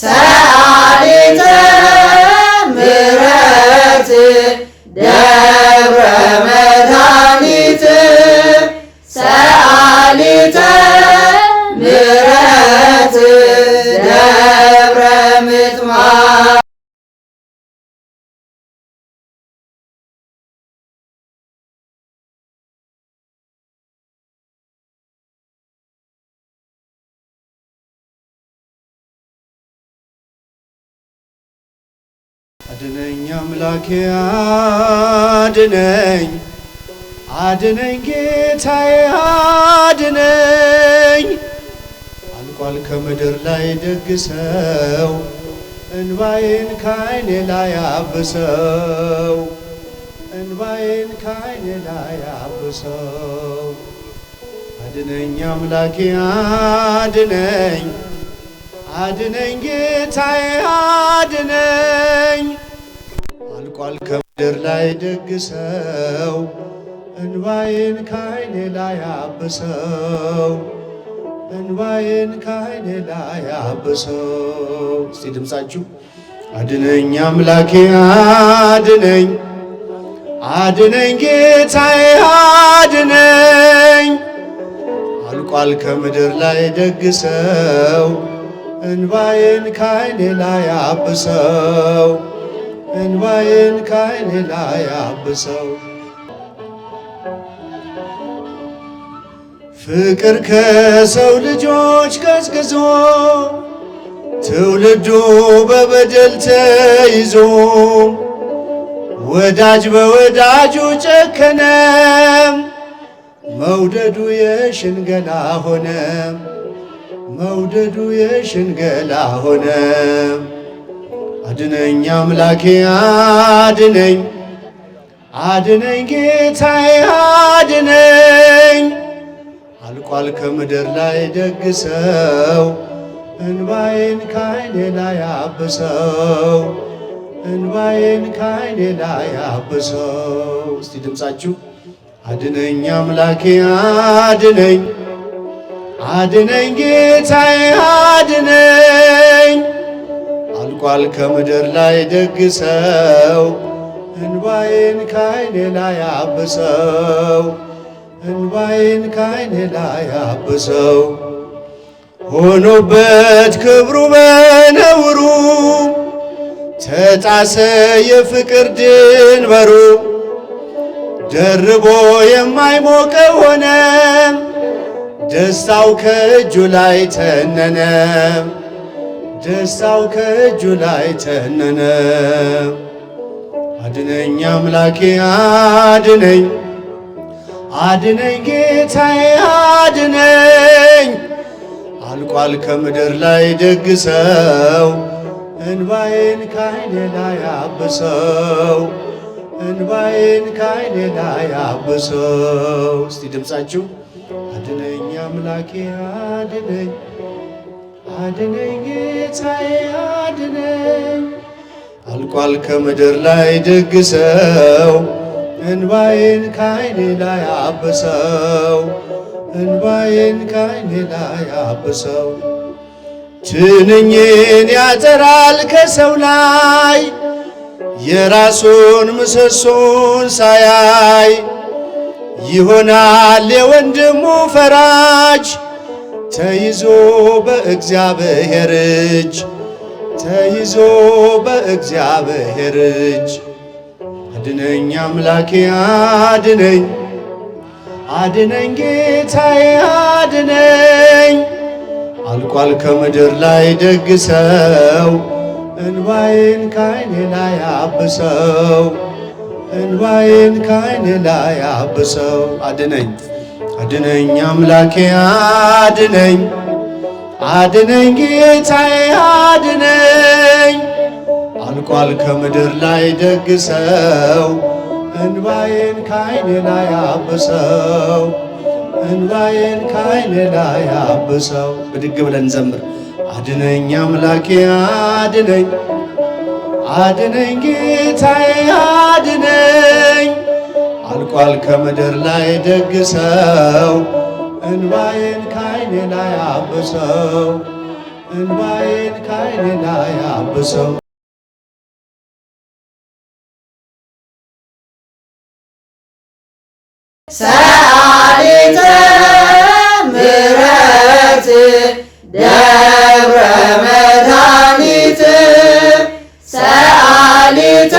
ሰዓሊተ ምሕረት ደብረ መድኃኒት ሰዓሊተ አድነኝ አምላኬ አድነኝ አድነኝ ጌታዬ አድነኝ አልቋል ከምድር ላይ ደግሰው እንባዬን ካይኔ ላይ አብሰው እንባዬን ካይኔ ላይ አብሰው አድነኝ አምላኬ አድነኝ አድነኝ ጌታዬ አድ ሆኗል ከምድር ላይ ደግሰው እንባዬን ከዓይኔ ላይ አብሰው እንባዬን ከዓይኔ ላይ አብሰው። እስቲ ድምፃችሁ አድነኝ አምላኬ አድነኝ አድነኝ ጌታዬ አድነኝ አልቋል ከምድር ላይ ደግሰው እንባዬን ከዓይኔ ላይ አብሰው እንባዬን ከዓይኔ ላይ አብሰው ፍቅር ከሰው ልጆች ቀዝቅዞ ትውልዱ በበደል ተይዞ ወዳጅ በወዳጁ ጨከነም መውደዱ የሽንገላ ሆነም መውደዱ የሽንገላ ሆነም አድነኝ አምላኬ አድነኝ አድነኝ ጌታዬ አድነኝ አልቋል ከምድር ላይ ደግሰው እንባዬን ካይኔ ላይ አብሰው እንባዬን ካይኔ ላይ አብሰው። እስቲ ድምፃችሁ አድነኝ አምላኬ አድነኝ አድነኝ ጌታዬ አድነኝ ቋል ከምድር ላይ ደግሰው እንባዬን ካይኔ ላይ አብሰው እንባዬን ካይኔ ላይ አብሰው ሆኖበት ክብሩ በነውሩ ተጣሰ የፍቅር ድንበሩ ደርቦ የማይሞቀ ሆነም ደስታው ከእጁ ላይ ተነነም። ደስታው ከእጁ ላይ ተነነ። አድነኝ አምላኬ አድነኝ፣ አድነኝ ጌታዬ አድነኝ። አልቋል ከምድር ላይ ደግሰው እንባዬን ካይኔ ላይ አብሰው እንባዬን ካይኔ ላይ አብሰው። እስቲ ድምፃችሁ አድነኝ አምላኬ አድነኝ አድነኝ ጌታዬ አድነኝ። አልቋል ከምድር ላይ ደግሰው ሰው እንባዬን ከዓይኔ ላይ አብሰው እንባዬን ከዓይኔ ላይ አብሰው። ትንኝን ያጠራል ከሰው ላይ የራሱን ምሰሶን ሳያይ ይሆናል የወንድሙ ፈራጅ ተይዞ በእግዚአብሔር እጅ ተይዞ በእግዚአብሔር እጅ አድነኝ አምላኬ አድነኝ አድነኝ ጌታዬ አድነኝ አልቋል ከምድር ላይ ደግሰው እንባዬን ካይኔ ላይ አብሰው እንባዬን ካይኔ ላይ አብሰው አድነኝ አድነኝ አምላኬ አድነኝ አድነኝ ጌታዬ አድነኝ አልቋል ከምድር ላይ ደግሰው ሰው እንባዬን ካይኔ ላይ አብሰው እንባዬን ካይኔ ላይ አብሰው ብድግ ብለን ዘምር አድነኝ አምላኬ አድነኝ አድነኝ ጌታዬ አድነኝ አልቋል ከምድር ላይ ደግሰው እንባዬን ካይኔ ላይ አብሰው እንባዬን ካይኔ ላይ አብሰው ሰአሊተ ምሕረት ደብረ መድኃኒት ሰአሊተ